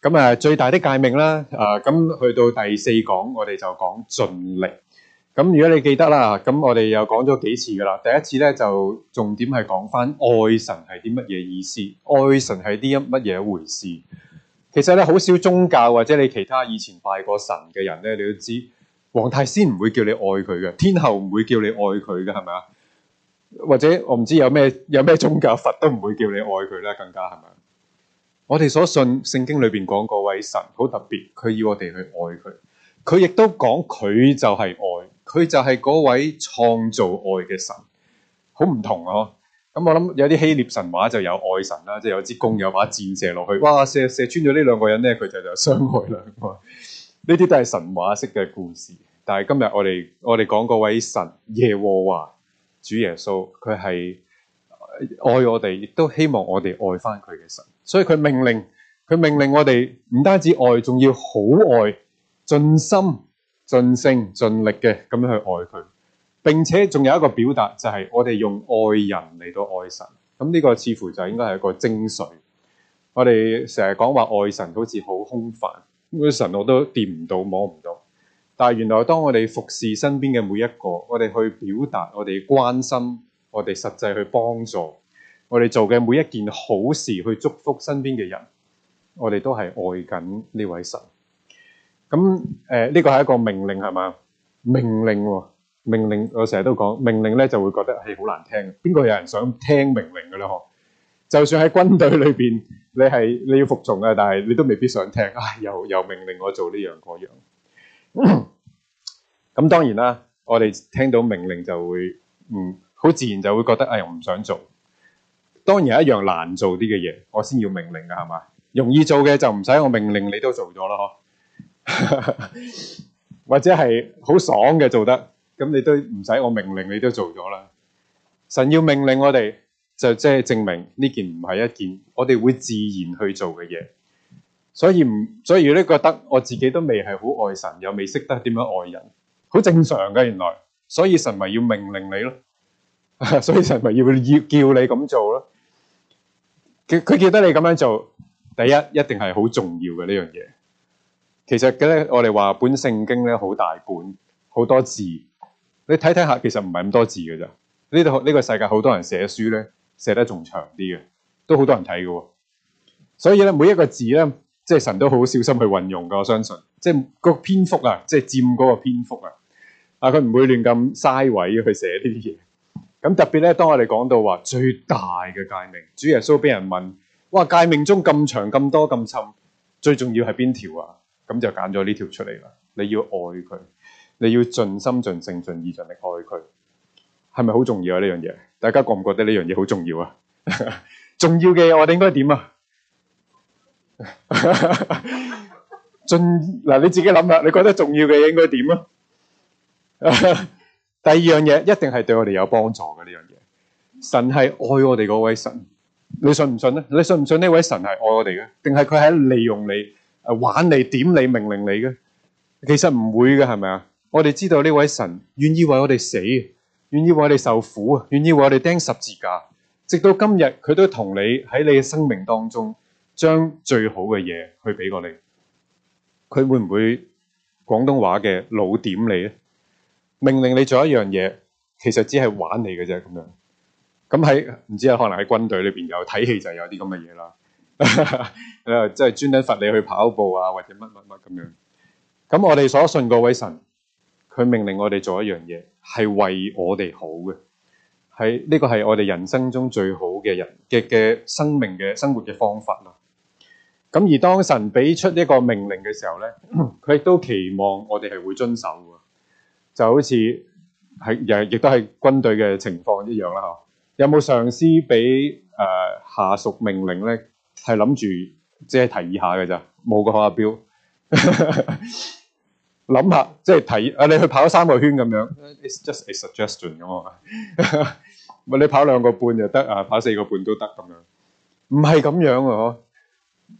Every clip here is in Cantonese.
咁誒，最大的誡命啦，誒，咁去到第四講，我哋就講盡力。咁如果你記得啦，咁我哋又講咗幾次噶啦？第一次咧就重點係講翻愛神係啲乜嘢意思，愛神係啲乜嘢回事。其實咧，好少宗教或者你其他以前拜過神嘅人咧，你都知黃大仙唔會叫你愛佢嘅，天后唔會叫你愛佢嘅，係咪啊？或者我唔知有咩有咩宗教，佛都唔會叫你愛佢啦，更加係咪啊？我哋所信聖經裏邊講嗰位神好特別，佢要我哋去愛佢，佢亦都講佢就係愛，佢就係嗰位創造愛嘅神，好唔同啊！咁我諗有啲希臘神話就有愛神啦，即係有支弓有把箭射落去，哇射射穿咗呢兩個人咧，佢就就傷害兩個。呢啲 都係神話式嘅故事，但係今日我哋我哋講嗰位神耶和華主耶穌，佢係愛我哋，亦都希望我哋愛翻佢嘅神。所以佢命令，佢命令我哋唔單止愛，仲要好愛，盡心、盡性、盡力嘅咁樣去愛佢。並且仲有一個表達，就係我哋用愛人嚟到愛神。咁呢個似乎就應該係一個精髓。我哋成日講話，愛神好似好空泛，咁神我都掂唔到，摸唔到。但係原來，當我哋服侍身邊嘅每一個，我哋去表達，我哋關心，我哋實際去幫助。我哋做嘅每一件好事，去祝福身邊嘅人，我哋都係愛緊呢位神。咁誒，呢個係一個命令係嘛？命令喎，命令。我成日都講命令咧，就會覺得係好難聽。邊個有人想聽命令㗎喇？呵，就算喺軍隊裏邊，你係你要服從啊，但係你都未必想聽。唉，又又命令我做呢樣嗰樣。咁當然啦，我哋聽到命令就會嗯，好自然就會覺得唉，我唔想做。當然係一樣難做啲嘅嘢，我先要命令㗎係嘛？容易做嘅就唔使我命令，你都做咗咯，或者係好爽嘅做得，咁你都唔使我命令，你都做咗啦。神要命令我哋，就即係證明呢件唔係一件我哋會自然去做嘅嘢，所以唔，所以你覺得我自己都未係好愛神，又未識得點樣愛人，好正常嘅原來，所以神咪要命令你咯，所以神咪要要叫你咁做咯。佢佢記得你咁樣做，第一一定係好重要嘅呢樣嘢。其實咧，我哋話本聖經咧好大本，好多字。你睇睇下，其實唔係咁多字㗎咋。呢度呢個世界好多人寫書咧，寫得仲長啲嘅，都好多人睇㗎喎。所以咧，每一個字咧，即係神都好小心去運用㗎。我相信，即係個篇幅啊，即係佔嗰個篇幅啊。啊，佢唔會亂咁嘥位去寫呢啲嘢。咁特別咧，當我哋講到話最大嘅誡命，主耶穌俾人問：「哇，誡命中咁長、咁多、咁深，最重要係邊條啊？咁就揀咗呢條出嚟啦。你要愛佢，你要盡心、盡性、盡意、盡力愛佢，係咪好重要啊？呢樣嘢，大家覺唔覺得呢樣嘢好重要啊？ 重要嘅嘢，我哋應該點啊？盡 嗱，你自己諗下，你覺得重要嘅嘢應該點啊？ 第二樣嘢一定係對我哋有幫助嘅呢樣嘢，神係愛我哋嗰位神，你信唔信咧？你信唔信呢位神係愛我哋嘅？定係佢喺利用你、玩你、點你、命令你嘅？其實唔會嘅，係咪啊？我哋知道呢位神願意為我哋死，願意為我哋受苦啊，願意為我哋釘十字架，直到今日佢都同你喺你嘅生命當中，將最好嘅嘢去俾過你。佢會唔會廣東話嘅老點你咧？命令你做一樣嘢，其實只係玩你嘅啫，咁樣。咁喺唔知啊，可能喺軍隊裏邊有睇戲就有啲咁嘅嘢啦，即 係專登罰你去跑步啊，或者乜乜乜咁樣。咁我哋所信嗰位神，佢命令我哋做一樣嘢，係為我哋好嘅。係呢個係我哋人生中最好嘅人嘅嘅生命嘅生活嘅方法啦。咁而當神俾出一個命令嘅時候咧，佢亦都期望我哋係會遵守就好似係亦亦都係軍隊嘅情況一樣啦，嚇、啊、有冇上司俾誒下屬命令咧？係諗住即係提議下嘅咋冇個考核表，諗、啊、 下即係、就是、提議啊！你去跑三個圈咁樣，It's just a suggestion 咁啊！咪 你跑兩個半就得啊，跑四個半都得咁樣，唔係咁樣啊！嗬，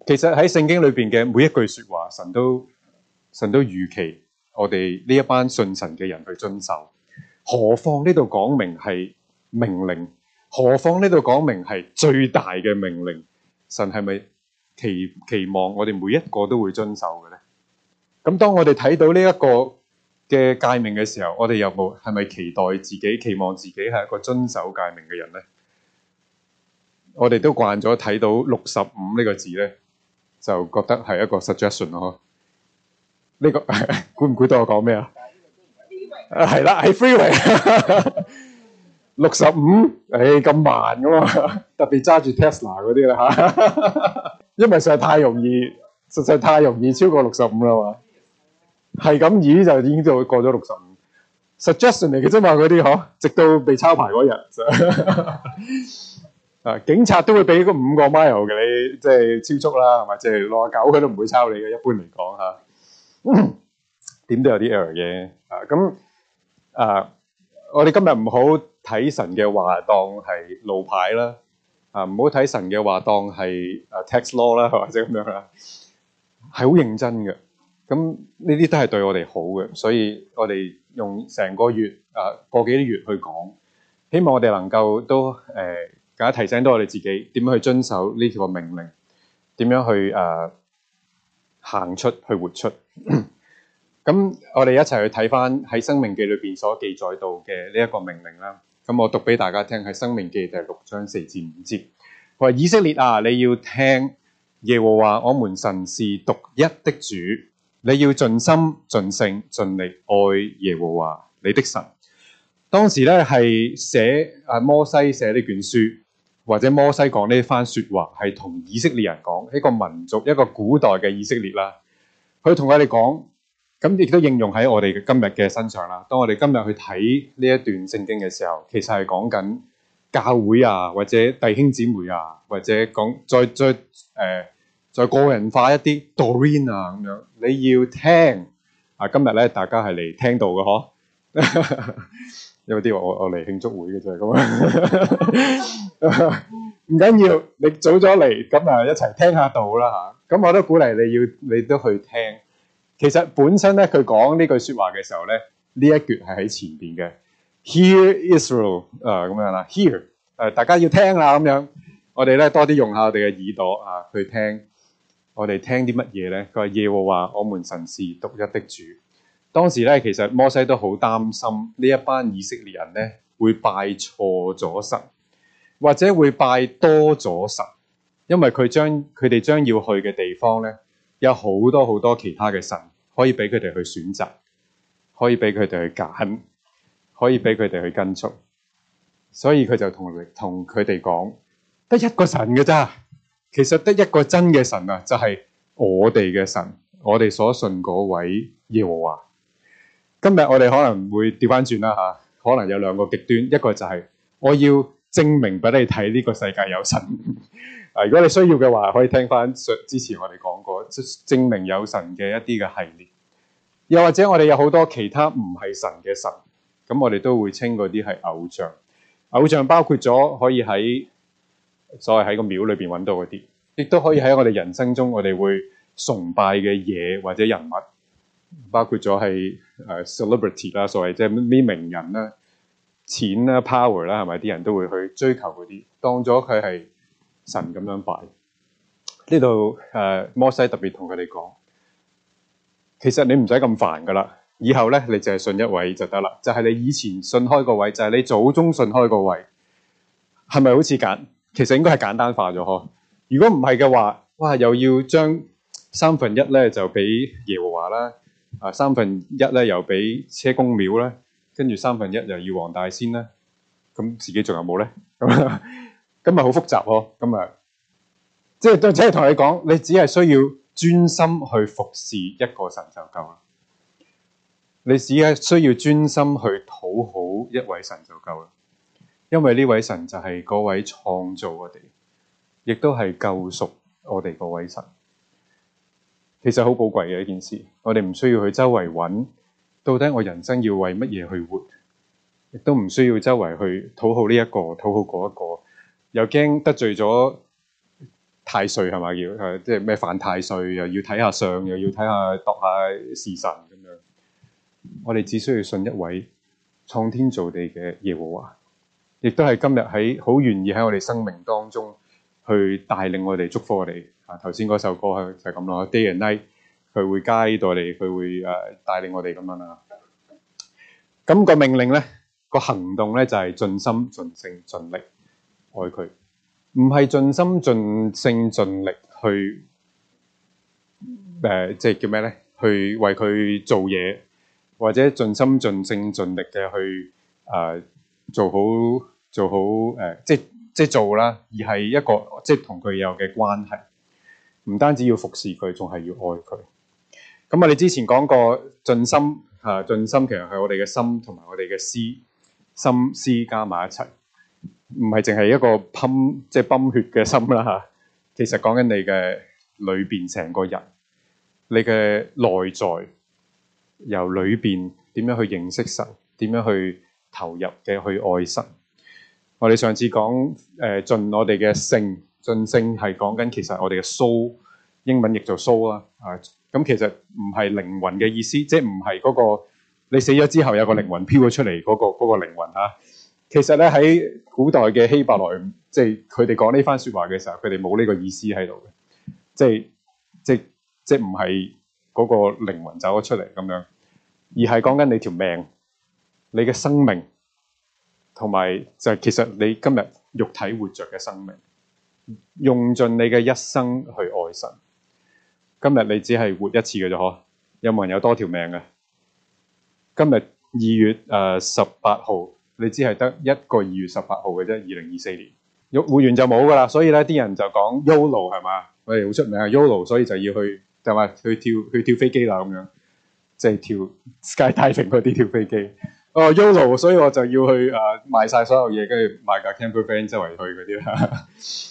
其實喺聖經裏邊嘅每一句説話，神都神都預期我哋呢一班信神嘅人去遵守，何況呢度講明係命令，何況呢度講明係最大嘅命令，神係咪期期望我哋每一個都會遵守嘅咧？咁當我哋睇到呢一個嘅誡命嘅時候，我哋有冇係咪期待自己期望自己係一個遵守誡命嘅人咧？我哋都慣咗睇到六十五呢個字咧，就覺得係一個 suggestion 咯。呢、這個估唔估到我講咩啊？係啦，係 freeway 六十五，唉咁、哎、慢嘅嘛，特別揸住 Tesla 嗰啲啦嚇、啊，因為實在太容易，實在太容易超過六十五啦嘛，係咁二就已經就過咗六十五，suggestion 嚟嘅啫嘛，嗰啲呵，直到被抄牌嗰日，啊，警察都會俾個五個 mile 嘅，你即係超速啦，係嘛，即係六啊九佢都唔會抄你嘅，一般嚟講嚇。啊。點 都有啲 error 嘅啊。咁啊，我哋今日唔好睇神嘅話當係路牌啦，啊唔好睇神嘅話當係啊 tax law 啦，或者咁樣啦，係好認真嘅。咁呢啲都係對我哋好嘅，所以我哋用成個月啊，過幾個月去講，希望我哋能夠都誒、呃，更加提醒到我哋自己點樣去遵守呢條命令，點樣去誒、啊、行出去活出。咁 我哋一齊去睇翻喺《申命記》裏邊所記載到嘅呢一個命令啦。咁我讀俾大家聽，喺《申命記》第六章四至五節，話以色列啊，你要聽耶和華，我們神是獨一的主，你要盡心、盡性、盡力愛耶和華你的神。當時咧係寫啊摩西寫呢卷書，或者摩西講呢番說話，係同以色列人講，一個民族，一個古代嘅以色列啦，啊。佢同我哋講，咁亦都應用喺我哋今日嘅身上啦。當我哋今日去睇呢一段聖經嘅時候，其實係講緊教會啊，或者弟兄姊妹啊，或者講再再誒、呃、再個人化一啲，Doreen 啊咁樣，你要聽啊。今日咧，大家係嚟聽道嘅嗬， 有啲話我我嚟慶祝會嘅啫，咁 啊，唔緊要，你早咗嚟，咁啊一齊聽下道啦吓。咁我都鼓勵你，你要你都去聽。其實本身咧，佢講呢句説話嘅時候咧，呢一句係喺前邊嘅。Hear Israel，啊咁樣啦。Hear，誒、啊、大家要聽啦咁樣。我哋咧，多啲用下我哋嘅耳朵啊，去聽。我哋聽啲乜嘢咧？佢話耶和華，我們神是獨一的主。當時咧，其實摩西都好擔心呢一班以色列人咧會拜錯咗神，或者會拜多咗神。因為佢將佢哋將要去嘅地方呢，有好多好多其他嘅神可以俾佢哋去選擇，可以俾佢哋去揀，可以俾佢哋去跟從。所以佢就同同佢哋講，得一個神嘅咋，其實得一個真嘅神啊，就係我哋嘅神，我哋所信嗰位耶和華。今日我哋可能會調翻轉啦吓，可能有兩個極端，一個就係我要證明俾你睇呢個世界有神。如果你需要嘅話，可以聽翻之前我哋講過證明有神嘅一啲嘅系列，又或者我哋有好多其他唔係神嘅神，咁我哋都會稱嗰啲係偶像。偶像包括咗可以喺所謂喺個廟裏邊揾到嗰啲，亦都可以喺我哋人生中我哋會崇拜嘅嘢，或者人物，包括咗係誒 celebrity 啦，所謂即係啲名人啦、錢啦、power 啦，係咪啲人都會去追求嗰啲，當咗佢係神咁樣擺呢度，誒、呃，摩西特別同佢哋講，其實你唔使咁煩噶啦，以後咧你淨係信一位就得啦，就係、是、你以前信開個位，就係、是、你祖宗信開個位，係咪好似簡？其實應該係簡單化咗呵。如果唔係嘅話，哇，又要將三分一咧就俾耶和華啦，啊，三分一呢又俾車公廟啦，跟住三分一又要黃大仙啦，咁自己仲有冇咧？ 咁咪好複雜咯，咁咪即係都只係同你講，你只係需要專心去服侍一個神就夠啦。你只係需要專心去討好一位神就夠啦。因為呢位神就係嗰位創造我哋，亦都係救贖我哋嗰位神。其實好寶貴嘅一件事，我哋唔需要去周圍揾到底我人生要為乜嘢去活，亦都唔需要周圍去討好呢一個，討好嗰一個。又驚得罪咗太歲係嘛？要誒即係咩犯太歲，又要睇下相，又要睇下度下時辰咁樣。我哋只需要信一位創天造地嘅耶和華，亦都係今日喺好願意喺我哋生命當中去帶領我哋、祝福我哋。啊頭先嗰首歌係就咁咯，day and night，佢會加代你，佢會誒、啊、帶領我哋咁樣啦。咁、啊個命令咧，個行動咧就係、是、盡心、盡性、盡力。愛佢，唔係盡心盡性盡力去，誒、呃，即係叫咩咧？去為佢做嘢，或者盡心盡性盡力嘅去，誒、呃，做好做好，誒、呃，即即係做啦，而係一個即係同佢有嘅關係。唔單止要服侍佢，仲係要愛佢。咁我哋之前講過盡心吓，盡心、啊、盡心其實係我哋嘅心同埋我哋嘅思，心思加埋一齊。唔係淨係一個噴，即係泵血嘅心啦吓。其實講緊你嘅裏邊成個人，你嘅內在由裏邊點樣去認識神，點樣去投入嘅去愛神。我哋上次講誒，盡、呃、我哋嘅性，盡性係講緊其實我哋嘅 soul 英文亦做 soul 啊。咁其實唔係靈魂嘅意思，即係唔係嗰個你死咗之後有個靈魂飄咗出嚟嗰個嗰個靈魂啊。其實咧喺古代嘅希伯來，即係佢哋講呢番說話嘅時候，佢哋冇呢個意思喺度嘅，即係即係即係唔係嗰個靈魂走咗出嚟咁樣，而係講緊你條命、你嘅生命，同埋就係其實你今日肉體活着嘅生命，用盡你嘅一生去愛神。今日你只係活一次嘅啫，嗬？有冇人有多條命嘅啊？今日二月誒十八號。你只係得一個二月十八號嘅啫，二零二四年。活完有會員就冇噶啦，所以咧啲人就講 Yolo 係嘛？我哋好出名啊 Yolo，所以就要去就話去跳去跳飛機啦，咁樣即係、就係、跳 Skydiving 嗰啲跳飛機。哦 Yolo，所以我就要去誒賣曬所有嘢，跟住買架 campervan 周圍去嗰啲啦。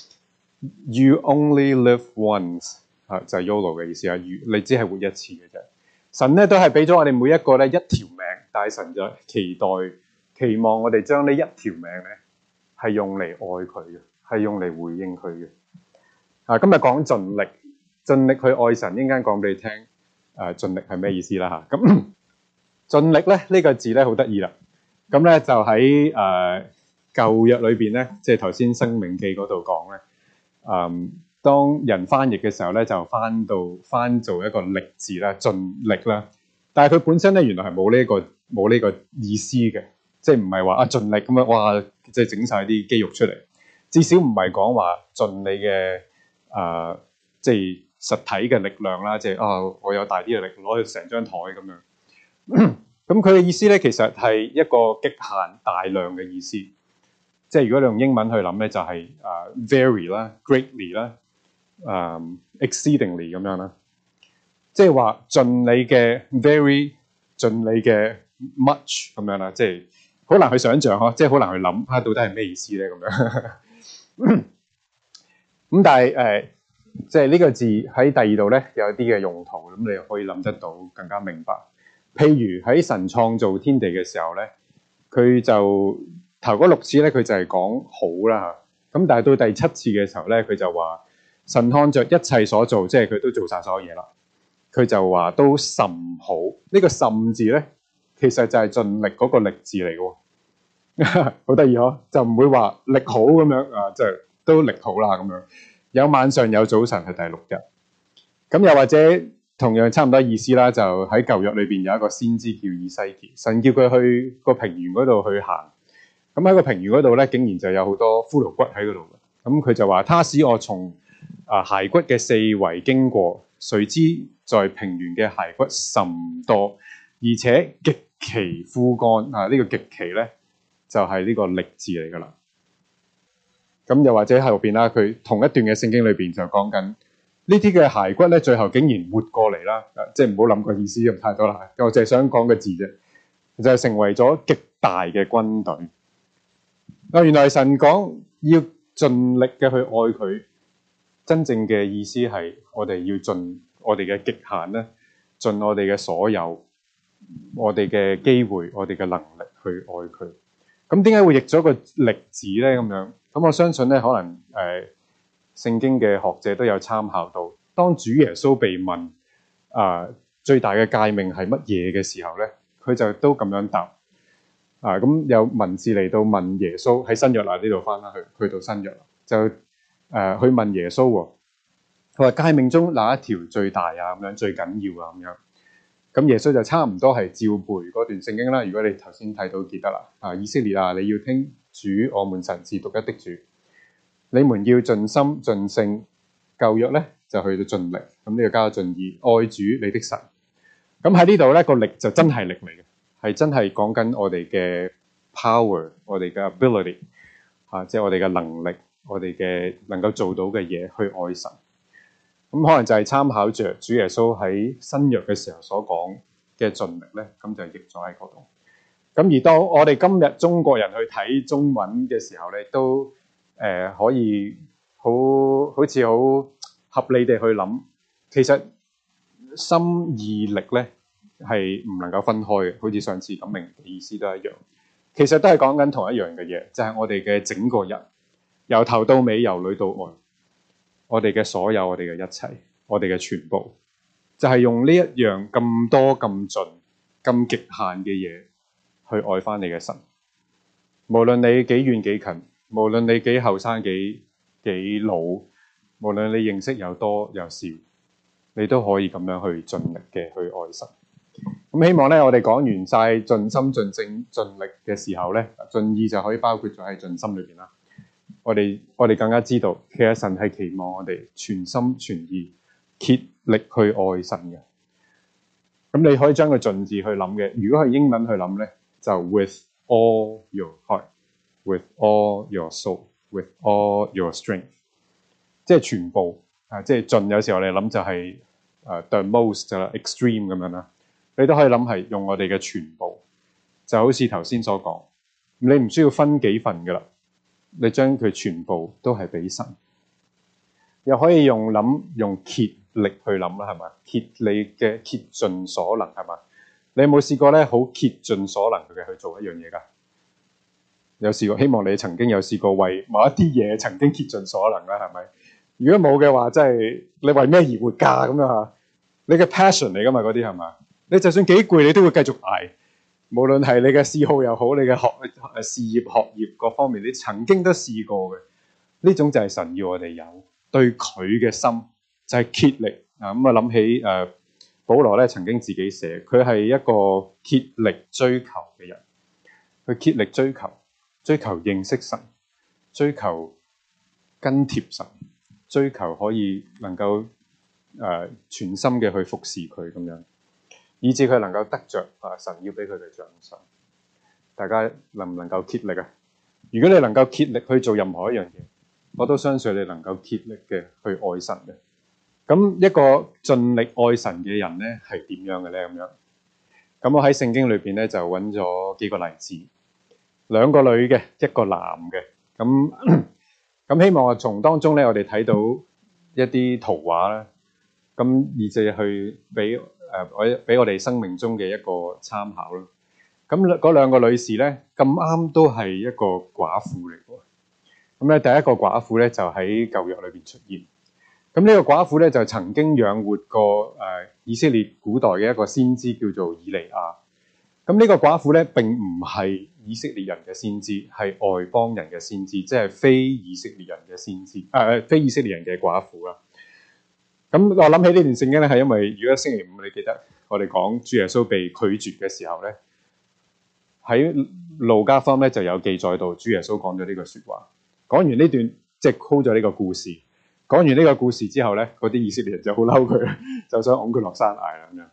You only live once，係就係 Yolo 嘅意思啊。你只係活一次嘅啫。神咧都係俾咗我哋每一個咧一條命，但係神就期待。期望我哋將呢一條命咧，係用嚟愛佢嘅，係用嚟回應佢嘅。啊，今日講盡力，盡力去愛神，一陣間講俾你聽。誒、呃，盡力係咩意思啦？嚇、啊，咁盡力咧呢、呢個字咧好得意啦。咁咧、嗯、就喺誒舊日裏邊咧，即係頭先生命記嗰度講咧。嗯，當人翻譯嘅時候咧，就翻到翻做一個力字啦，盡力啦。但係佢本身咧原來係冇呢個冇呢個意思嘅。即係唔係話啊盡力咁樣哇！即係整晒啲肌肉出嚟，至少唔係講話盡你嘅誒，即係實體嘅力量啦。即係啊、哦，我有大啲嘅力攞佢成張台咁樣。咁佢嘅意思咧，其實係一個極限大量嘅意思。即係如果你用英文去諗咧，就係、是、誒、uh, very 啦，greatly 啦，uh, 誒 exceedingly 咁樣啦。即係話盡你嘅 very，盡你嘅 much 咁樣啦，即係。好難去想象呵，即係好難去諗下、啊、到底係咩意思咧？咁樣咁，但係誒，即係呢個字喺第二度咧，有啲嘅用途，咁你又可以諗得到更加明白。譬如喺神創造天地嘅時候咧，佢就頭嗰六次咧，佢就係講好啦吓。咁但係到第七次嘅時候咧，佢就話神看着一切所做，即係佢都做晒所有嘢啦，佢就話都甚好。這個、呢個甚字咧。其實就係盡力嗰個力字嚟嘅，好得意呵！就唔會話力好咁樣啊，即係都力好啦咁樣。有晚上有早晨係第六日，咁又或者同樣差唔多意思啦，就喺舊約裏邊有一個先知叫以西結，神叫佢去個平原嗰度去行。咁喺個平原嗰度咧，竟然就有好多骷髏骨喺嗰度。咁佢就話：他使我從啊骸骨嘅四圍經過，誰知在平原嘅骸骨甚多，而且極。奇枯乾啊！呢、這個極其咧，就係呢個力字嚟噶啦。咁又或者喺後邊啦，佢同一段嘅聖經裏邊就講緊呢啲嘅骸骨咧，最後竟然活過嚟啦。即係唔好諗個意思咁太多啦。我淨係想講個字啫，就係、是、成為咗極大嘅軍隊。啊，原來神講要盡力嘅去愛佢，真正嘅意思係我哋要盡我哋嘅極限咧，盡我哋嘅所有。我哋嘅機會，我哋嘅能力去愛佢。咁點解會譯咗個力字咧？咁樣咁我相信咧，可能誒、呃，聖經嘅學者都有參考到。當主耶穌被問啊、呃，最大嘅誡命係乜嘢嘅時候咧，佢就都咁樣答。啊、呃，咁有文字嚟到問耶穌喺新約啊呢度翻翻去，去到新約就誒去、呃、問耶穌、啊，佢話誡命中哪一條最大啊？咁樣最緊要啊？咁樣。咁耶穌就差唔多係照背嗰段聖經啦。如果你頭先睇到記得啦，啊以色列啊，你要聽主，我們神是獨一的主。你們要盡心盡性，舊約咧就去到盡力，咁、這、呢個加盡意愛主你的神。咁喺、嗯、呢度咧、這個力就真係力嚟嘅，係真係講緊我哋嘅 power，我哋嘅 ability，吓即係我哋嘅能力，我哋嘅能夠做到嘅嘢去愛神。咁可能就係參考着主耶穌喺新約嘅時候所講嘅盡力咧，咁就譯咗喺嗰度。咁而當我哋今日中國人去睇中文嘅時候咧，都誒可以好好似好合理地去諗。其實心意力咧係唔能夠分開嘅，好似上次噉明嘅意思都一樣。其實都係講緊同一樣嘅嘢，就係、是、我哋嘅整個人，由頭到尾，由裏到外。我哋嘅所有，我哋嘅一切，我哋嘅全部，就係、是、用呢一樣咁多、咁盡、咁極限嘅嘢，去愛翻你嘅神。無論你幾遠幾近，無論你幾後生幾幾老，無論你認識有多有少，你都可以咁樣去盡力嘅去愛神。咁希望咧，我哋講完晒盡心、盡性、盡力嘅時候咧，盡意就可以包括咗喺盡心裏邊啦。我哋我哋更加知道，其實神係期望我哋全心全意竭力去愛神嘅。咁你可以將佢盡字去諗嘅。如果係英文去諗咧，就 with all your heart, with all your soul, with all your strength，即係全部啊，即係盡。有時候你諗就係誒 the most 啦，extreme 咁樣啦，你都可以諗係用我哋嘅全部，就好似頭先所講，你唔需要分幾份噶啦。你將佢全部都係俾神，又可以用諗用竭力去諗啦，係嘛？竭你嘅竭盡所能，係嘛？你有冇試過咧？好竭盡所能嘅去做一樣嘢噶？有試過？希望你曾經有試過為某一啲嘢曾經竭盡所能啦，係咪？如果冇嘅話，真係你為咩而活㗎？咁樣吓？你嘅 passion 嚟㗎嘛？嗰啲係嘛？你就算幾攰，你都會繼續捱。無論係你嘅嗜好又好，你嘅學誒事業學業各方面，你曾經都試過嘅，呢種就係神要我哋有對佢嘅心，就係竭力啊！咁啊諗起誒、呃、保羅咧，曾經自己寫佢係一個竭力追求嘅人，去竭力追求，追求認識神，追求跟貼神，追求可以能夠誒、呃、全心嘅去服侍佢咁樣。以至佢能夠得着啊神要俾佢嘅獎賞，大家能唔能夠竭力啊？如果你能夠竭力去做任何一樣嘢，我都相信你能夠竭力嘅去愛神嘅。咁一個盡力愛神嘅人咧，係點樣嘅咧？咁樣，咁我喺聖經裏邊咧就揾咗幾個例子，兩個女嘅，一個男嘅。咁咁 希望啊，從當中咧我哋睇到一啲圖畫啦。咁以至去俾。誒，我俾我哋生命中嘅一個參考啦。咁嗰兩個女士咧，咁啱都係一個寡婦嚟嘅。咁咧，第一個寡婦咧就喺舊約裏邊出現。咁呢個寡婦咧就曾經養活過誒、呃、以色列古代嘅一個先知叫做以利亞。咁呢個寡婦咧並唔係以色列人嘅先知，係外邦人嘅先知，即係非以色列人嘅先知，誒、呃、誒，非以色列人嘅寡婦啦。咁我諗起呢段聖經咧，係因為如果星期五你記得我哋講主耶穌被拒絕嘅時候咧，喺路加福音咧就有記載到主耶穌講咗呢句說話。講完呢段，即係 hold 咗呢個故事。講完呢個故事之後咧，嗰啲以色列人就好嬲佢， 就想拱佢落山崖啦。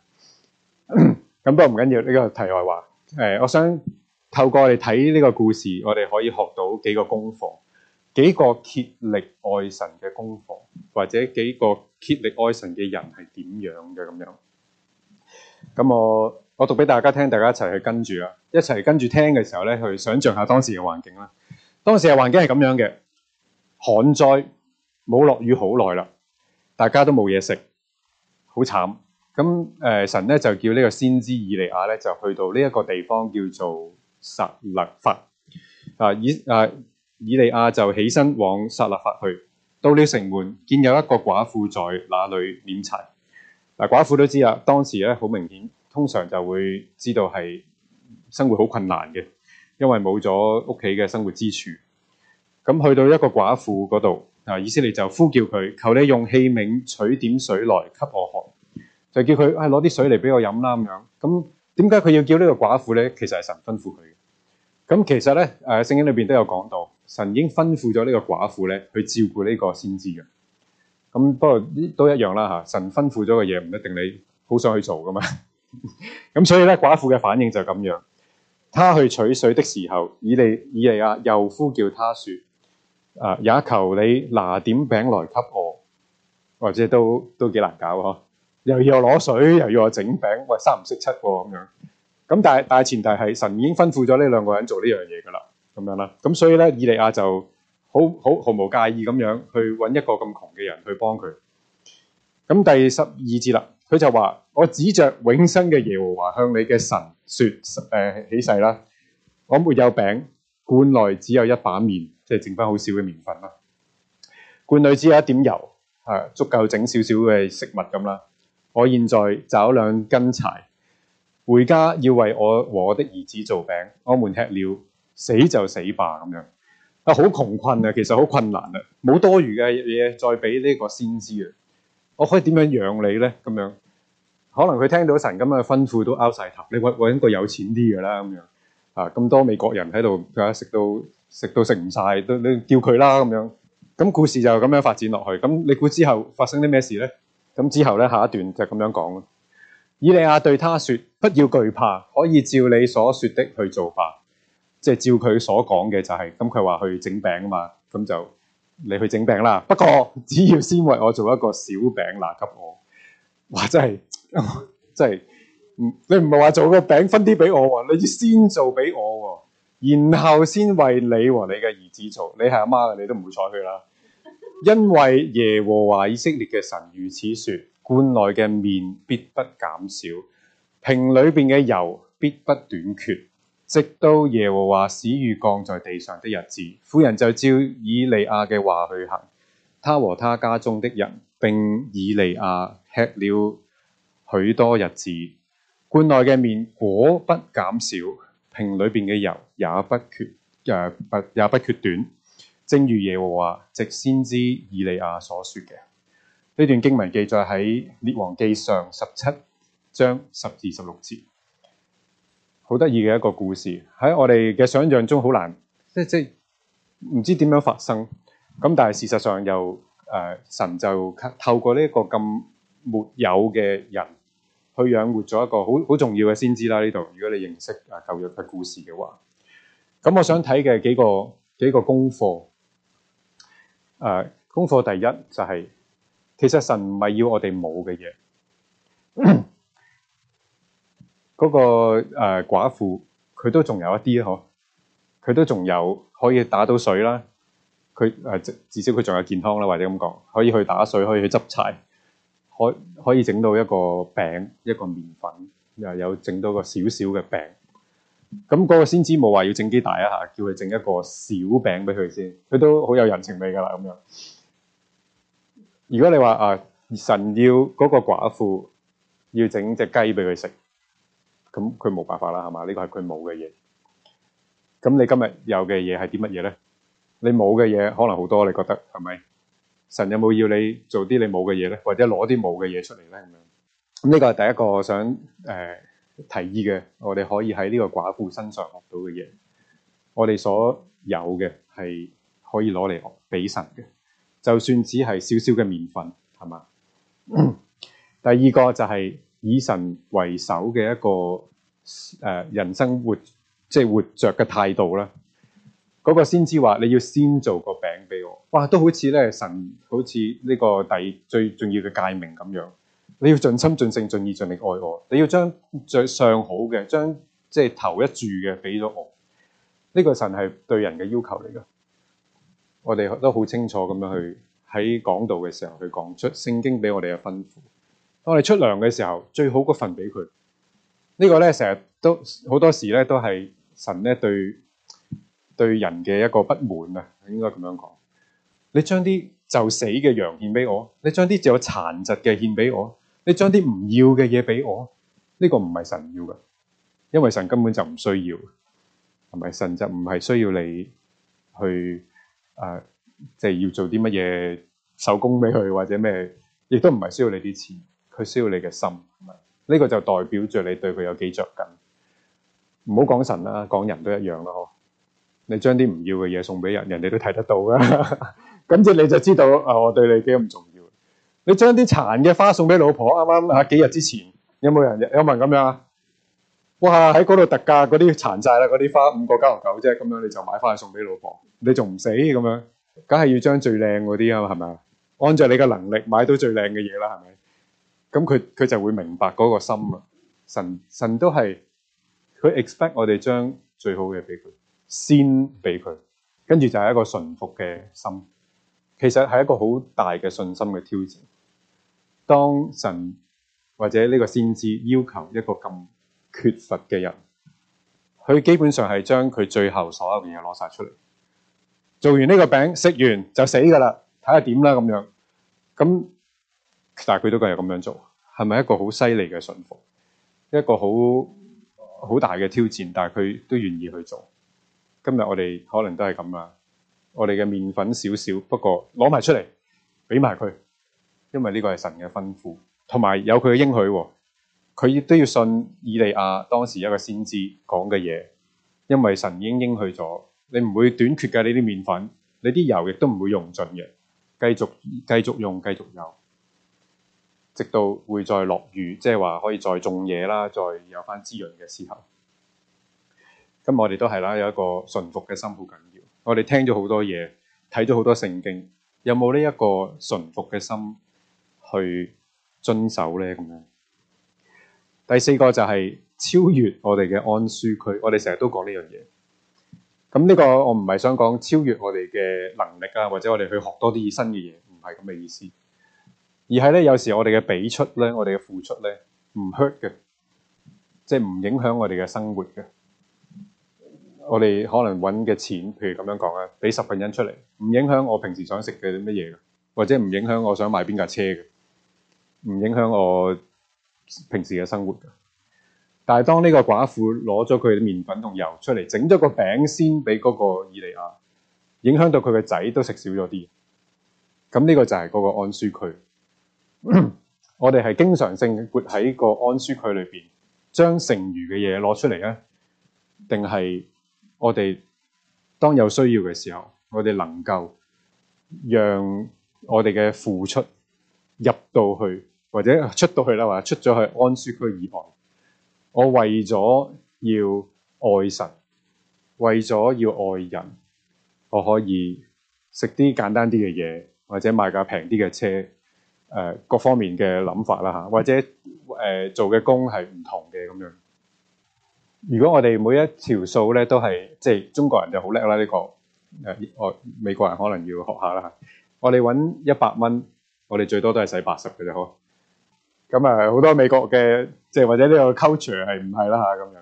咁 不過唔緊要，呢、這個題外話。誒、呃，我想透過我哋睇呢個故事，我哋可以學到幾個功課。幾個竭力愛神嘅功課，或者幾個竭力愛神嘅人係點樣嘅咁樣？咁我我讀俾大家聽，大家一齊去跟住啊，一齊跟住聽嘅時候咧，去想象下當時嘅環境啦。當時嘅環境係咁樣嘅，旱災冇落雨好耐啦，大家都冇嘢食，好慘。咁誒、呃，神咧就叫呢個先知以利亞咧，就去到呢一個地方叫做撒勒法。啊，以誒。啊以利亞就起身往撒勒法去，到了城門，見有一個寡婦在那裏撿柴。嗱，寡婦都知啦，當時咧好明顯，通常就會知道係生活好困難嘅，因為冇咗屋企嘅生活支柱。咁去到一個寡婦嗰度，啊，以色列就呼叫佢，求你用器皿取點水來給我喝，就叫佢係攞啲水嚟俾我飲啦咁樣。咁點解佢要叫呢個寡婦咧？其實係神吩咐佢。咁其實咧，誒，聖經裏邊都有講到。神已經吩咐咗呢個寡婦咧去照顧呢個先知嘅，咁不過都一樣啦嚇。神吩咐咗嘅嘢唔一定你好想去做噶嘛，咁 所以咧，寡婦嘅反應就咁樣。他去取水的時候，以利以利亞又呼叫他説：啊、呃、也求你拿點餅來給我。或者都都幾難搞呵，又要我攞水，又要我整餅，喂，三唔識七咁樣。咁但係大前提係神已經吩咐咗呢兩個人做呢樣嘢噶啦。咁樣啦，咁所以咧，以利亞就好好毫無介意咁樣去揾一個咁窮嘅人去幫佢。咁第十二節啦，佢就話：嗯、我指着永生嘅耶和華向你嘅神説誒、呃、起誓啦，我沒有餅，罐內只有一把麵，即係剩翻好少嘅麵粉啦。罐內只有一點油，係、啊、足夠整少少嘅食物咁啦。我現在找兩根柴，回家要為我和我的兒子做餅。我們吃了。死就死吧咁樣啊，好窮困啊，其實好困難啦，冇多餘嘅嘢再俾呢個先知啊。我可以點樣養你呢？咁樣可能佢聽到神咁嘅吩咐都拗晒頭。你搵搵個有錢啲嘅啦咁樣啊，咁多美國人喺度吓，食到食到食唔晒，都你叫佢啦咁樣。咁、嗯、故事就咁樣發展落去。咁、嗯、你估之後發生啲咩事呢？咁、嗯、之後呢，下一段就咁樣講。以利亞對他說：不要懼怕，可以照你所說的去做吧。即係照佢所講嘅就係，咁佢話去整餅啊嘛，咁就你去整餅啦。不過只要先為我做一個小餅拿給我，哇！真係真係，你唔係話做個餅分啲俾我喎，你先做俾我喎，然後先為你和你嘅兒子做。你係阿媽你都唔會睬佢啦。因為耶和華以色列嘅神如此説：罐內嘅麵必不減少，瓶裏邊嘅油必不短缺。直到耶和華使雨降在地上的日子，婦人就照以利亞嘅話去行，他和他家中的人，並以利亞吃了許多日子，罐內嘅麵果不減少，瓶裏邊嘅油也不缺，誒、呃、不也不缺短，正如耶和華直先知以利亞所說嘅。呢段經文記載喺列王記上十七章十至十六節。好得意嘅一個故事，喺我哋嘅想像中好難，即即唔知點樣發生。咁但係事實上又誒、呃、神就透過呢一個咁沒有嘅人，去養活咗一個好好重要嘅先知啦。呢度如果你認識啊舊約嘅故事嘅話，咁我想睇嘅幾個幾個功課，誒、呃、功課第一就係、是、其實神唔係要我哋冇嘅嘢。 嗰、那個、呃、寡婦，佢都仲有一啲嗬，佢都仲有可以打到水啦，佢誒至少佢仲有健康啦，或者咁講，可以去打水，可以去執柴，可以可以整到一個餅，一個麵粉，又有整到個小小嘅餅。咁嗰個先知冇話要整幾大一下，叫佢整一個小餅俾佢先，佢都好有人情味噶啦咁樣。如果你話啊、呃，神要嗰個寡婦要整隻雞俾佢食。咁佢冇辦法啦，係嘛？呢個係佢冇嘅嘢。咁你今日有嘅嘢係啲乜嘢咧？你冇嘅嘢可能好多，你覺得係咪？神有冇要你做啲你冇嘅嘢咧？或者攞啲冇嘅嘢出嚟咧？咁樣，咁呢個係第一個我想誒提議嘅，我哋可以喺呢個寡婦身上學到嘅嘢。我哋所有嘅係可以攞嚟俾神嘅，就算只係少少嘅麵粉，係嘛？ 第二個就係。以神為首嘅一個誒、呃、人生活，即係活着嘅態度啦。嗰、那個先知話：你要先做個餅俾我。哇，都好似咧神，好似呢個第最重要嘅誡命咁樣。你要盡心、盡性、盡意、盡力愛我。你要將最上好嘅，將即係頭一柱嘅俾咗我。呢、這個神係對人嘅要求嚟噶。我哋都好清楚咁樣去喺講道嘅時候去講出聖經俾我哋嘅吩咐。我哋出糧嘅時候，最好嗰份俾佢。這個、呢個咧成日都好多時咧都係神咧對對人嘅一個不滿啊，應該咁樣講。你將啲就死嘅羊獻俾我，你將啲就有殘疾嘅獻俾我，你將啲唔要嘅嘢俾我，呢、這個唔係神要嘅，因為神根本就唔需要，係咪神就唔係需要你去誒，即、呃、係、就是、要做啲乜嘢手工俾佢，或者咩，亦都唔係需要你啲錢。佢需要你嘅心，呢、這個就代表著你對佢有幾着緊。唔好講神啦，講人都一樣咯。你將啲唔要嘅嘢送俾人，人哋都睇得到噶。咁 即你就知道，啊、哦、我對你幾咁重要。你將啲殘嘅花送俾老婆，啱啱啊幾日之前，有冇人有冇人咁樣啊？哇！喺嗰度特價嗰啲殘晒啦，嗰啲花五個加六嚿啫，咁樣你就買翻去送俾老婆，你仲唔死咁樣？梗係要將最靚嗰啲啊，係咪？按照你嘅能力，買到最靚嘅嘢啦，係咪？咁佢佢就會明白嗰個心啦，神神都係佢 expect 我哋將最好嘅俾佢，先俾佢，跟住就係一個順服嘅心。其實係一個好大嘅信心嘅挑戰。當神或者呢個先知要求一個咁缺乏嘅人，佢基本上係將佢最後所有嘢攞晒出嚟，做完呢個餅食完就死噶啦，睇下點啦咁樣，咁。但係佢都繼續咁樣做，係咪一個好犀利嘅信服？一個好好大嘅挑戰，但係佢都願意去做。今日我哋可能都係咁啦。我哋嘅麵粉少少，不過攞埋出嚟俾埋佢，因為呢個係神嘅吩咐，同埋有佢嘅應許。佢亦都要信以利亞當時一個先知講嘅嘢，因為神已經應許咗，你唔會短缺嘅。你啲麵粉，你啲油亦都唔會用盡嘅，繼續繼續用，繼續用。直到會再落雨，即係話可以再種嘢啦，再有翻滋潤嘅時候。咁我哋都係啦，有一個順服嘅心好緊要。我哋聽咗好多嘢，睇咗好多聖經，有冇呢一個順服嘅心去遵守咧？咁樣。第四個就係超越我哋嘅安舒區。我哋成日都講呢樣嘢。咁呢個我唔係想講超越我哋嘅能力啊，或者我哋去學多啲新嘅嘢，唔係咁嘅意思。而係咧，有時我哋嘅俾出咧，我哋嘅付出咧，唔 hurt 嘅，即係唔影響我哋嘅生活嘅。我哋可能揾嘅錢，譬如咁樣講啊，俾十份人出嚟，唔影響我平時想食嘅啲乜嘢，或者唔影響我想買邊架車嘅，唔影響我平時嘅生活嘅。但係當呢個寡婦攞咗佢啲麵粉同油出嚟，整咗個餅先俾嗰個以利亞，影響到佢嘅仔都食少咗啲。咁呢個就係嗰個安舒區。 我哋係經常性活喺個安舒區裏邊，將剩餘嘅嘢攞出嚟咧，定係我哋當有需要嘅時候，我哋能夠讓我哋嘅付出入到去，或者出到去啦，或者出咗去，出去安舒區以外。我為咗要愛神，為咗要愛人，我可以食啲簡單啲嘅嘢，或者買架平啲嘅車。誒，各方面嘅諗法啦吓，或者誒做嘅工係唔同嘅咁樣。如果我哋每一條數咧都係，即係中國人就好叻啦呢個誒，我美國人可能要學下啦吓。我哋搵一百蚊，我哋最多都係使八十嘅啫，好。咁啊，好多美國嘅即係或者呢個 culture 係唔係啦吓咁樣。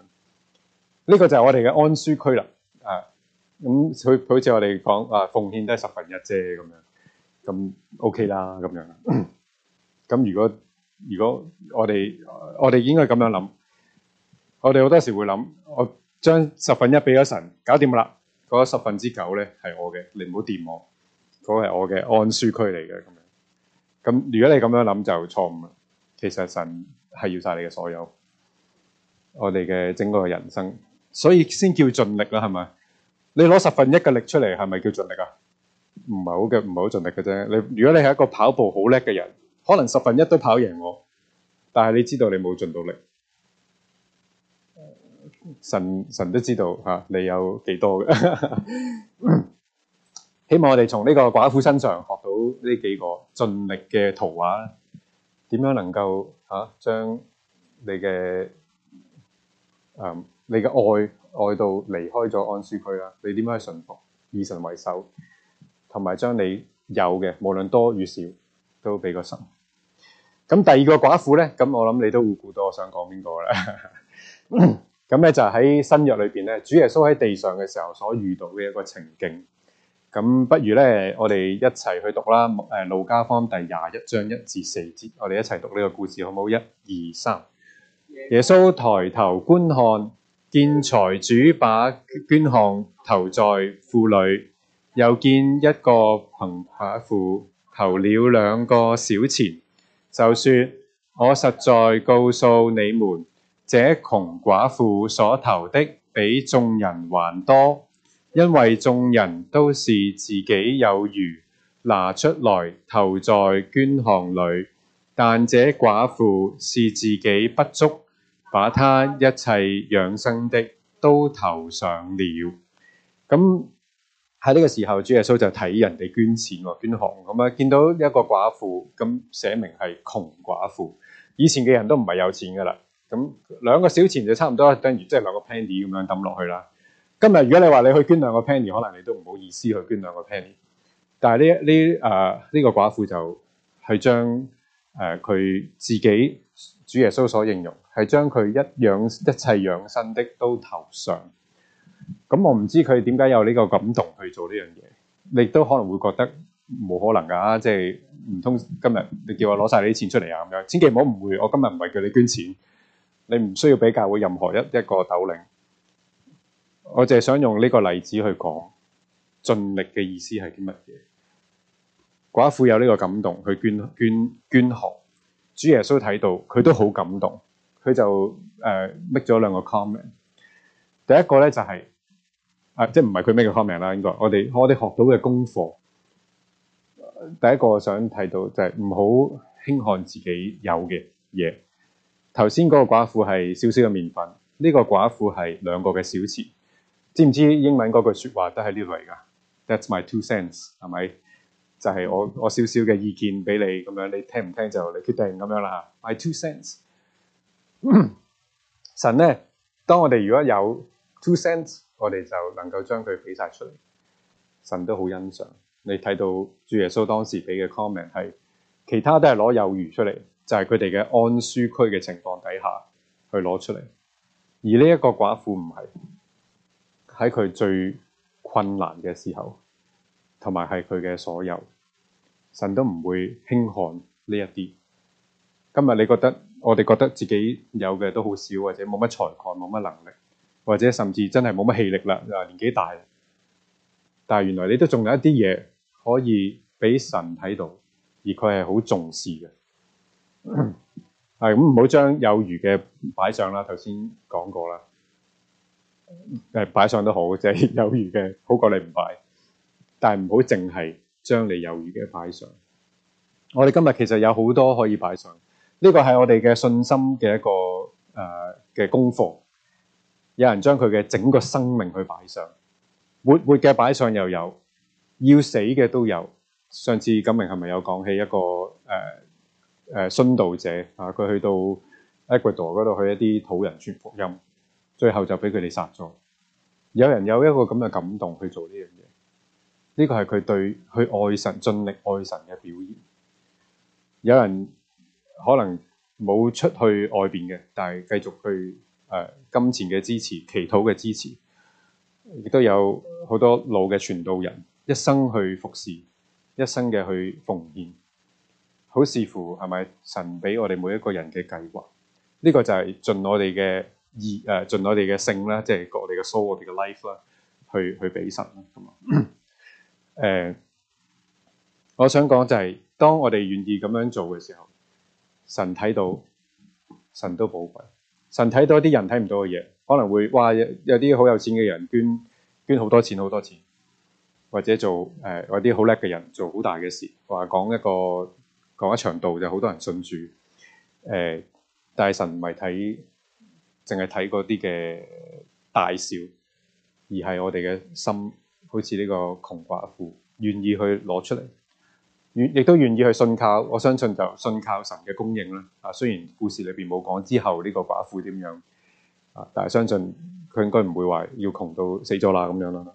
呢個就係我哋嘅安舒區啦，啊，咁佢好似我哋講啊，奉獻得十分一啫咁樣。咁 OK 啦，咁樣。咁 如果如果我哋我哋應該咁樣諗，我哋好多時會諗，我將十分一俾咗神，搞掂啦。嗰、那個、十分之九咧係我嘅，你唔好掂我，嗰、那個係我嘅安舒區嚟嘅。咁，咁如果你咁樣諗就錯誤啦。其實神係要晒你嘅所有，我哋嘅整個人生，所以先叫盡力啦，係咪？你攞十分一嘅力出嚟，係咪叫盡力啊？唔係好嘅，唔係好盡力嘅啫。你如果你係一個跑步好叻嘅人，可能十分一都跑贏我，但係你知道你冇盡到力。神神都知道嚇、啊、你有幾多嘅。 希望我哋從呢個寡婦身上學到呢幾個盡力嘅圖畫，點樣能夠嚇、啊、將你嘅誒、啊、你嘅愛愛到離開咗安舒區啦。你點樣去順服以神為首？同埋將你有嘅，無論多與少，都俾個神。咁第二個寡婦咧，咁我諗你都會估到我想講邊個啦。咁咧就喺新約裏邊咧，主耶穌喺地上嘅時候所遇到嘅一個情景。咁不如咧，我哋一齊去讀啦。誒路加方第廿一章一至四節，我哋一齊讀呢個故事好唔好？一、二、三。耶穌抬頭觀看，見財主把捐項投在庫裏。又見一個貧寡婦投了兩個小錢，就説：我實在告訴你們，這窮寡婦所投的比眾人還多，因為眾人都是自己有餘，拿出來投在捐項裏，但這寡婦是自己不足，把他一切養生的都投上了。咁喺呢個時候，主耶穌就睇人哋捐錢喎，捐紅咁啊！見到一個寡婦，咁寫明係窮寡婦。以前嘅人都唔係有錢㗎喇，咁兩個小錢就差唔多，等如即係兩個 penny 咁樣抌落去啦。今日如果你話你去捐兩個 penny，可能你都唔好意思去捐兩個 penny。但係呢呢誒呢個寡婦就係將誒佢，呃、自己主耶穌所形容，係將佢一養一切養生的都投上。咁我唔知佢點解有呢個感動去做呢樣嘢，你都可能會覺得冇可能噶，即係唔通今日你叫我攞晒你啲錢出嚟啊，咁樣，千祈唔好誤會，我今日唔係叫你捐錢，你唔需要俾教會任何一一個斗零，我淨係想用呢個例子去講盡力嘅意思係啲乜嘢。寡婦有呢個感動去捐捐捐學，主耶穌睇到佢都好感動，佢就誒搣咗兩個 comment，第一個咧就係、是。啊！即係唔係佢咩嘅 comment 啦，應該我哋我哋學到嘅功課、呃，第一個想提到就係唔好輕看自己有嘅嘢。頭先嗰個寡婦係少少嘅麵粉，呢、這個寡婦係兩個嘅小錢。知唔知英文嗰句説話都係呢類㗎？That's my two cents 係咪？就係、是、我我少少嘅意見俾你咁樣，你聽唔聽就你決定咁樣啦。My two cents。 神呢？當我哋如果有 two cents。我哋就能夠將佢俾晒出嚟，神都好欣賞。你睇到主耶穌當時俾嘅 comment 係，其他都係攞有餘出嚟，就係佢哋嘅安舒區嘅情況底下，去攞出嚟。而呢一個寡婦唔係喺佢最困難嘅時候，同埋係佢嘅所有，神都唔會輕看呢一啲。今日你覺得我哋覺得自己有嘅都好少，或者冇乜才幹，冇乜能力。或者甚至真係冇乜氣力啦，年紀大，但係原來你都仲有一啲嘢，可以俾神睇到，而佢係好重視嘅。係咁唔好將有餘嘅擺上啦，頭先講過啦，係擺上都好，即係有餘嘅好過你唔擺，但係唔好淨係將你有餘嘅擺上。我哋今日其實有好多可以擺上，呢個係我哋嘅信心嘅一個誒嘅功課。有人將佢嘅整個生命去擺上，活活嘅擺上又有，要死嘅都有。上次錦明係咪有講起一個誒誒殉道者啊？佢去到 Ecuador 嗰度去一啲土人傳福音，最後就俾佢哋殺咗。有人有一個咁嘅感動去做呢樣嘢，呢個係佢對佢愛神、盡力愛神嘅表現。有人可能冇出去外邊嘅，但係繼續去誒。呃金錢嘅支持、祈禱嘅支持，亦都有好多老嘅傳道人，一生去服侍，一生嘅去奉獻，好視乎係咪神俾我哋每一個人嘅計劃？呢、呢個就係盡我哋嘅意誒、呃，盡我哋嘅性啦，即係我哋嘅 soul，我哋嘅 life 啦，去去俾神啦。咁啊，誒、 呃，我想講就係、係、當我哋願意咁樣做嘅時候，神睇到，神都寶貴。神睇到一啲人睇唔到嘅嘢，可能會哇有有啲好有錢嘅人捐捐好多錢好多錢，或者做誒、呃、有啲好叻嘅人做好大嘅事，話講一個講一場道就好多人信主誒、呃，但係神唔係睇淨係睇嗰啲嘅大小，而係我哋嘅心，好似呢個窮寡婦願意去攞出嚟，亦都願意去信靠，我相信就信靠神嘅供應啦。啊，雖然故事裏邊冇講之後呢個寡婦點樣啊，但係相信佢應該唔會話要窮到死咗啦咁樣啦。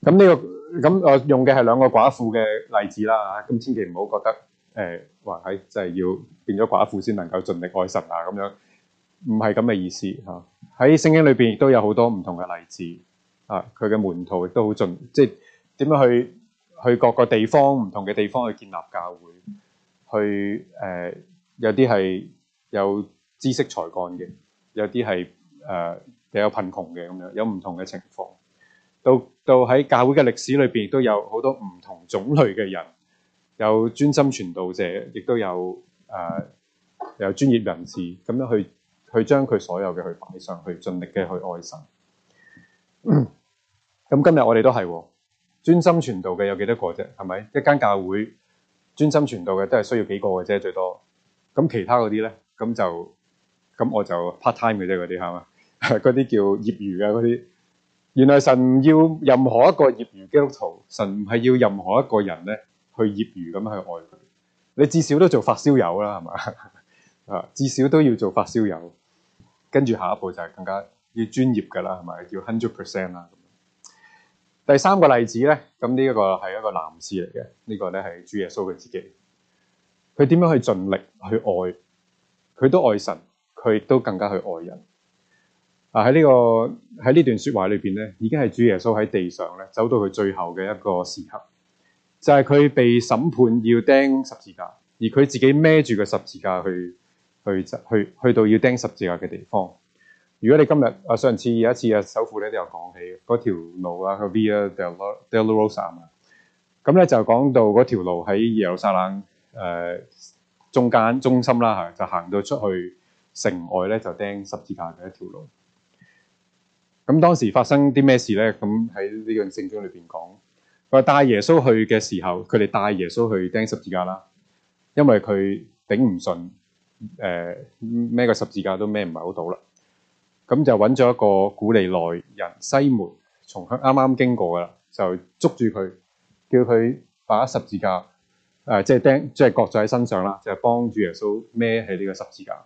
咁、嗯、呢、這個咁我用嘅係兩個寡婦嘅例子啦。咁、啊、千祈唔好覺得誒話係即係要變咗寡婦先能夠盡力愛神啊咁樣，唔係咁嘅意思嚇。喺、啊、聖經裏邊亦都有好多唔同嘅例子啊，佢嘅門徒亦都好盡即係點樣去。去各個地方，唔同嘅地方去建立教會，去誒、呃，有啲係有知識才幹嘅，有啲係誒比較貧窮嘅咁樣，有唔同嘅情況。到到喺教會嘅歷史裏邊，亦都有好多唔同種類嘅人，有專心傳道者，亦都有誒、呃、有專業人士咁樣去去將佢所有嘅去擺上去，盡力嘅去愛神。咁 今日我哋都係。專心傳道嘅有幾多個啫？係咪一間教會專心傳道嘅都係需要幾個嘅啫，最多。咁其他嗰啲咧，咁就咁我就 part time 嘅啫，嗰啲係嘛，嗰 啲叫業餘嘅嗰啲。原來神要任何一個業餘基督徒，神唔係要任何一個人咧去業餘咁去愛佢。你至少都做發燒友啦，係嘛？啊， 至少都要做發燒友。跟住下一步就係更加要專業噶啦，係咪？要 hundred percent 啦。第三個例子咧，咁呢一個係一個男士嚟嘅，呢、這個咧係主耶穌佢自己，佢點樣去盡力去愛，佢都愛神，佢亦都更加去愛人。啊，喺呢個喺呢段説話裏邊咧，已經係主耶穌喺地上咧走到佢最後嘅一個時刻，就係、是、佢被審判要釘十字架，而佢自己孭住個十字架去去去去到要釘十字架嘅地方。如果你今日啊，上次有一次啊，首富咧都有講起嗰條路啊，個 Via Del Del Rosa 啊咁咧、嗯、就講到嗰條路喺耶路撒冷誒、呃、中間中心啦嚇、啊，就行到出去城外咧就釘十字架嘅一條路。咁、啊嗯、當時發生啲咩事咧？咁喺呢個聖經裏邊講，佢話帶耶穌去嘅時候，佢哋帶耶穌去釘十字架啦，因為佢頂唔順誒孭個十字架都孭唔係好到啦。咁就揾咗一個古利奈人西門，從啱啱經過噶啦，就捉住佢，叫佢把十字架，誒即係釘即係割咗喺身上啦，就係幫主耶穌孭起呢個十字架。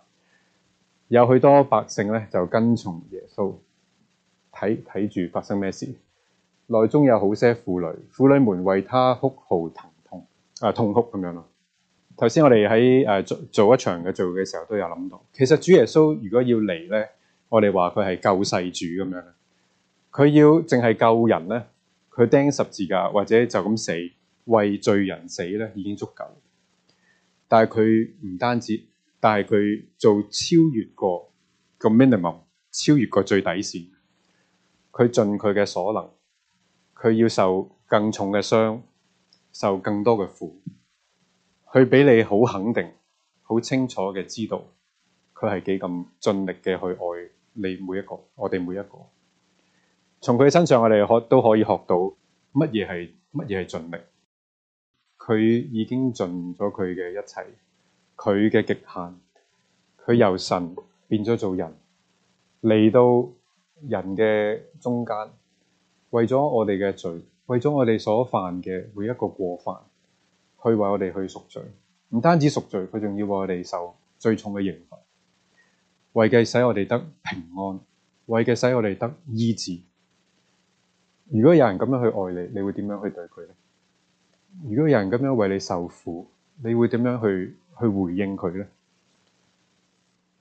有許多百姓咧就跟從耶穌，睇睇住發生咩事。內中有好些婦女，婦女們為他哭號疼痛，啊、呃、痛哭咁樣咯。頭先我哋喺誒做做一場嘅做嘅時候都有諗到，其實主耶穌如果要嚟咧。我哋話佢係救世主咁樣，佢要淨係救人咧，佢釘十字架或者就咁死，為罪人死咧已經足夠。但係佢唔單止，但係佢做超越過個 minimum，超越過最底線，佢盡佢嘅所能，佢要受更重嘅傷，受更多嘅苦，佢俾你好肯定、好清楚嘅知道，佢係幾咁盡力嘅去愛。你每一個，我哋每一個，從佢身上，我哋可都可以學到乜嘢係乜嘢係盡力。佢已經盡咗佢嘅一切，佢嘅極限，佢由神變咗做人，嚟到人嘅中間，為咗我哋嘅罪，為咗我哋所犯嘅每一個過犯，去為我哋去贖罪。唔單止贖罪，佢仲要為我哋受最重嘅刑罰。為嘅使我哋得平安，為嘅使我哋得醫治。如果有人咁樣去愛你，你會點樣去對佢咧？如果有人咁樣為你受苦，你會點樣去去回應佢咧？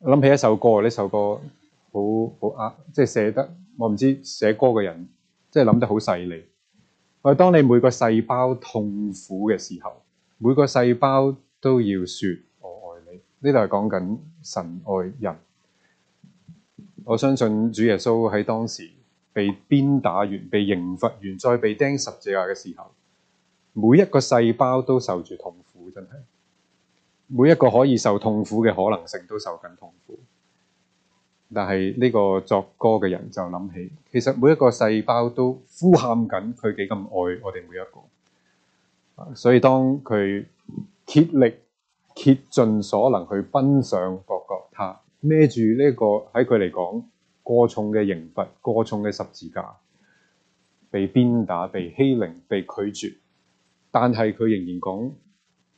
我諗起一首歌，呢首歌好好呃，即係寫得我唔知寫歌嘅人，即係諗得好細膩。我當你每個細胞痛苦嘅時候，每個細胞都要說我愛你。呢度係講緊神愛人。我相信主耶穌喺當時被鞭打完、被刑罰完、再被釘十字架嘅時候，每一個細胞都受住痛苦，真係每一個可以受痛苦嘅可能性都受緊痛苦。但係呢個作歌嘅人就諗起，其實每一個細胞都呼喊緊佢幾咁愛我哋每一個。所以當佢竭力竭盡所能去奔上各各他。孭住呢個喺佢嚟講過重嘅刑罰、過重嘅十字架，被鞭打、被欺凌、被拒絕，但係佢仍然講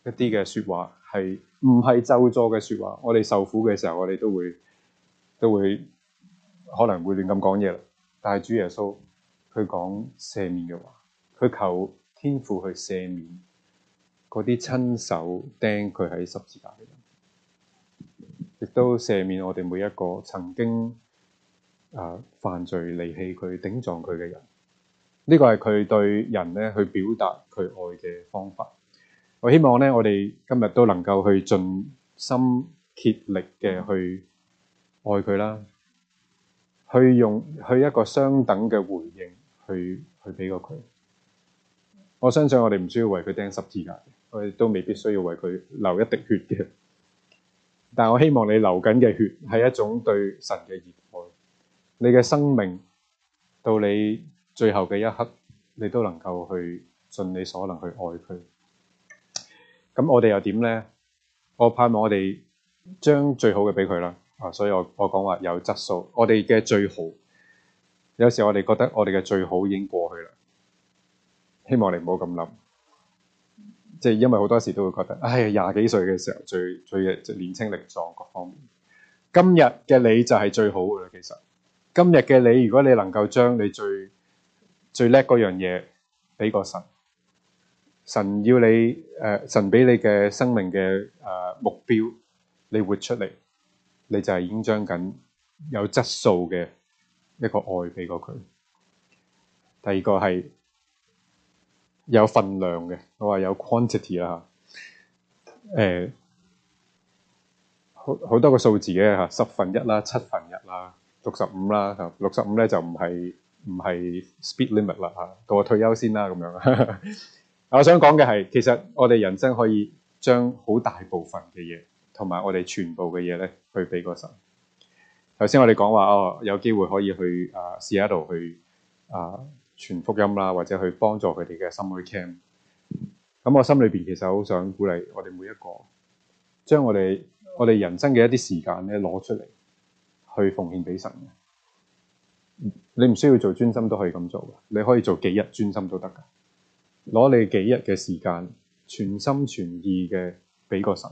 一啲嘅説話，係唔係咒詛嘅説話？我哋受苦嘅時候，我哋都會都會可能會亂咁講嘢。但係主耶穌佢講赦免嘅話，佢求天父去赦免嗰啲親手釘佢喺十字架。亦都赦免我哋每一個曾經啊、呃、犯罪、離棄佢、頂撞佢嘅人，呢、呢個係佢對人咧去表達佢愛嘅方法。我希望咧，我哋今日都能夠去盡心竭力嘅去愛佢啦，去用去一個相等嘅回應去去俾個佢。我相信我哋唔需要為佢釘十字架，我哋都未必需要為佢流一滴血嘅。但我希望你流緊嘅血係一種對神嘅熱愛，你嘅生命到你最後嘅一刻，你都能夠去盡你所能去愛佢。咁我哋又點咧？我盼望我哋將最好嘅俾佢啦。啊，所以我我講話有質素，我哋嘅最好，有時我哋覺得我哋嘅最好已經過去啦。希望你唔好咁諗。即係因為好多時都會覺得，唉、哎，廿幾歲嘅時候最最，最年青力壯各方面，今日嘅你就係最好嘅啦。其實今日嘅你，如果你能夠將你最最叻嗰樣嘢俾個神，神要你誒、呃，神俾你嘅生命嘅誒、呃、目標，你活出嚟，你就係已經將緊有質素嘅一個愛俾過佢。第二個係。有份量嘅，我話有 quantity 啦、啊、吓，誒，好好多個數字嘅吓、啊，十分一啦，七分一啦，六十五啦，六十五咧就唔係唔係 speed limit 啦吓，到、啊、我退休先啦咁樣。 我想講嘅係，其實我哋人生可以將好大部分嘅嘢，同埋我哋全部嘅嘢咧，去俾個神。頭先我哋講話哦，有機會可以去啊，試下度去啊。傳福音啦，或者去幫助佢哋嘅心裏 camp。咁我心裏邊其實好想鼓勵我哋每一個，將我哋我哋人生嘅一啲時間咧攞出嚟，去奉獻俾神。你唔需要做專心都可以咁做，你可以做幾日專心都得噶。攞你幾日嘅時間，全心全意嘅俾個神。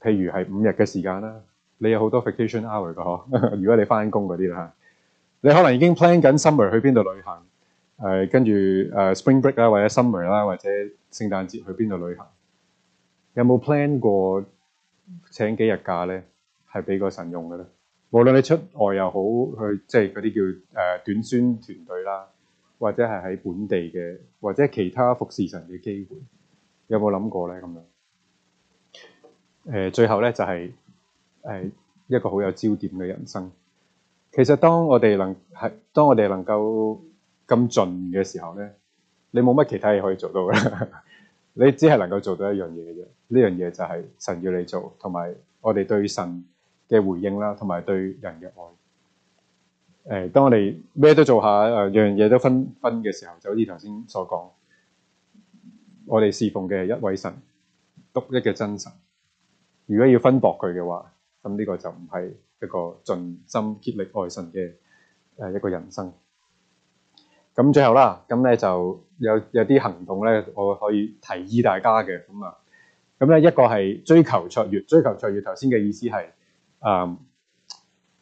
譬如係五日嘅時間啦，你有好多 vacation hour 噶呵。如果你翻工嗰啲啦你可能已經 plan 緊 summer 去邊度旅行，誒跟住誒 spring break 啦，或者 summer 啦，或者聖誕節去邊度旅行，有冇 plan 過請幾日假咧？係俾個神用嘅咧。無論你出外又好，去即係嗰啲叫誒、呃、短宣團隊啦，或者係喺本地嘅，或者其他服侍神嘅機會，有冇諗過咧？咁樣誒、呃，最後咧就係、是、誒、呃、一個好有焦點嘅人生。其實當我哋能係，當我哋能夠咁盡嘅時候咧，你冇乜其他嘢可以做到啦。 你只係能夠做到一樣嘢嘅啫。呢樣嘢就係神要你做，同埋我哋對神嘅回應啦，同埋對人嘅愛。誒、哎，當我哋咩都做下，誒樣樣嘢都分分嘅時候，就好似頭先所講，我哋侍奉嘅係一位神，獨一嘅真神。如果要分薄佢嘅話，咁、這、呢個就唔係。一個盡心竭力愛神嘅誒一個人生。咁最後啦，咁咧就有有啲行動咧，我可以提議大家嘅咁啊，咁咧一個係追求卓越，追求卓越頭先嘅意思係誒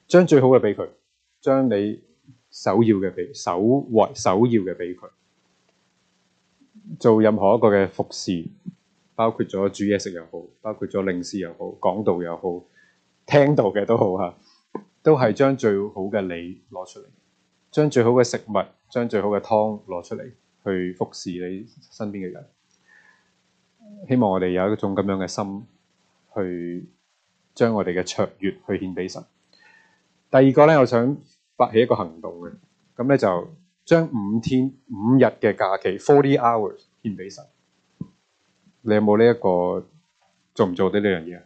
將最好嘅俾佢，將你首要嘅俾首，首要首要嘅俾佢，做任何一個嘅服侍，包括咗煮嘢食又好，包括咗領詩又好，講道又好。聽到嘅都好吓，都係將最好嘅你攞出嚟，將最好嘅食物，將最好嘅湯攞出嚟，去服侍你身邊嘅人。希望我哋有一種咁樣嘅心，去將我哋嘅卓越去獻俾神。第二個咧，我想發起一個行動嘅，咁咧就將五天五日嘅假期 （forty hours） 獻俾神。你有冇呢一個做唔做得呢樣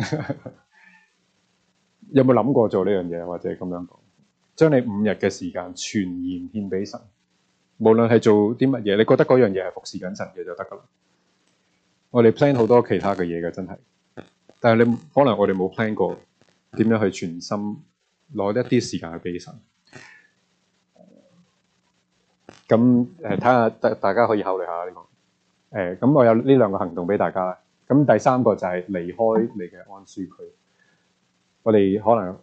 嘢？ 有冇諗過做呢樣嘢，或者咁樣講，將你五日嘅時間全然獻俾神，無論係做啲乜嘢，你覺得嗰樣嘢係服侍緊神嘅就得噶啦。我哋 plan 好多其他嘅嘢嘅，真係，但係你可能我哋冇 plan 過點樣去全心攞一啲時間去俾神。咁誒，睇下大大家可以考慮下呢、這個。誒、呃，咁我有呢兩個行動俾大家。咁第三個就係離開你嘅安舒區。我哋可能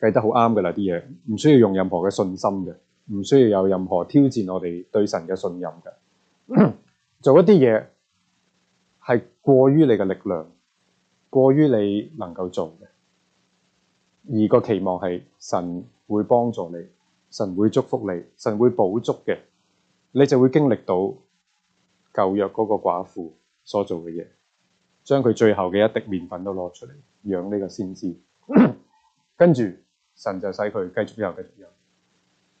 計得好啱噶啦，啲嘢唔需要用任何嘅信心嘅，唔需要有任何挑戰我哋對神嘅信任嘅。 做一啲嘢係過於你嘅力量，過於你能夠做嘅，而個期望係神會幫助你，神會祝福你，神會補足嘅，你就會經歷到舊約嗰個寡婦所做嘅嘢，將佢最後嘅一滴麵粉都攞出嚟養呢個先知。跟住 神就使佢繼續有力量。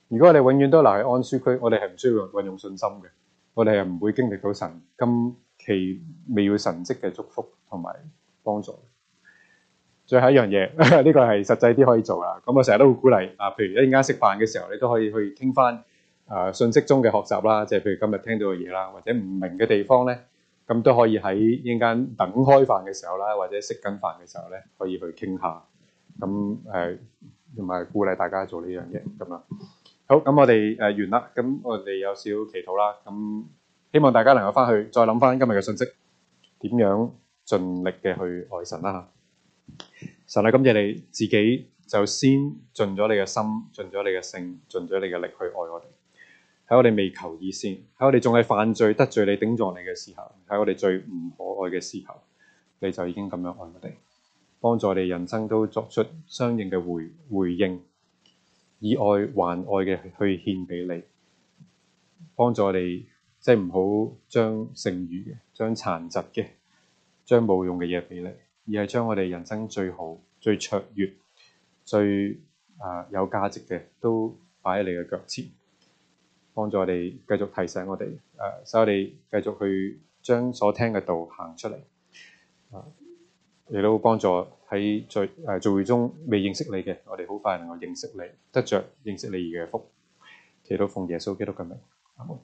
如果我哋永遠都留喺安舒區，我哋係唔需要運用信心嘅，我哋係唔會經歷到神今期未要神跡嘅祝福同埋幫助。最後一樣嘢，呢 個係實際啲可以做啦。咁我成日都會鼓勵啊，譬如一陣間食飯嘅時候，你可、呃、都可以去傾翻啊信息中嘅學習啦，即係譬如今日聽到嘅嘢啦，或者唔明嘅地方咧，咁都可以喺一陣間等開飯嘅時候啦，或者食緊飯嘅時候咧，可以去傾下。咁誒，同埋、呃、鼓勵大家做呢樣嘢，咁啦。好，咁我哋，誒、呃、完啦。咁我哋有少祈禱啦。咁希望大家能夠翻去再諗翻今日嘅信息，點樣盡力嘅去愛神啦吓。神啊，感謝你自己就先盡咗你嘅心，盡咗你嘅性，盡咗你嘅力去愛我哋。喺我哋未求以先，喺我哋仲係犯罪得罪你頂撞你嘅時候，喺我哋最唔可愛嘅時候，你就已經咁樣愛我哋。幫助你人生都作出相應嘅回回應，以愛還愛嘅去獻俾你，幫助你，即係唔好將剩餘嘅、將殘疾嘅、將冇用嘅嘢俾你，而係將我哋人生最好、最卓越、最啊、呃、有價值嘅都擺喺你嘅腳前，幫助我哋繼續提醒我哋，誒、呃，使我哋繼續去將所聽嘅道行出嚟。啊、呃！亦都幫助喺聚、誒、聚會中未認識你嘅，我哋好快能夠認識你，得着認識你而嘅福。祈禱奉耶穌基督嘅名，阿門。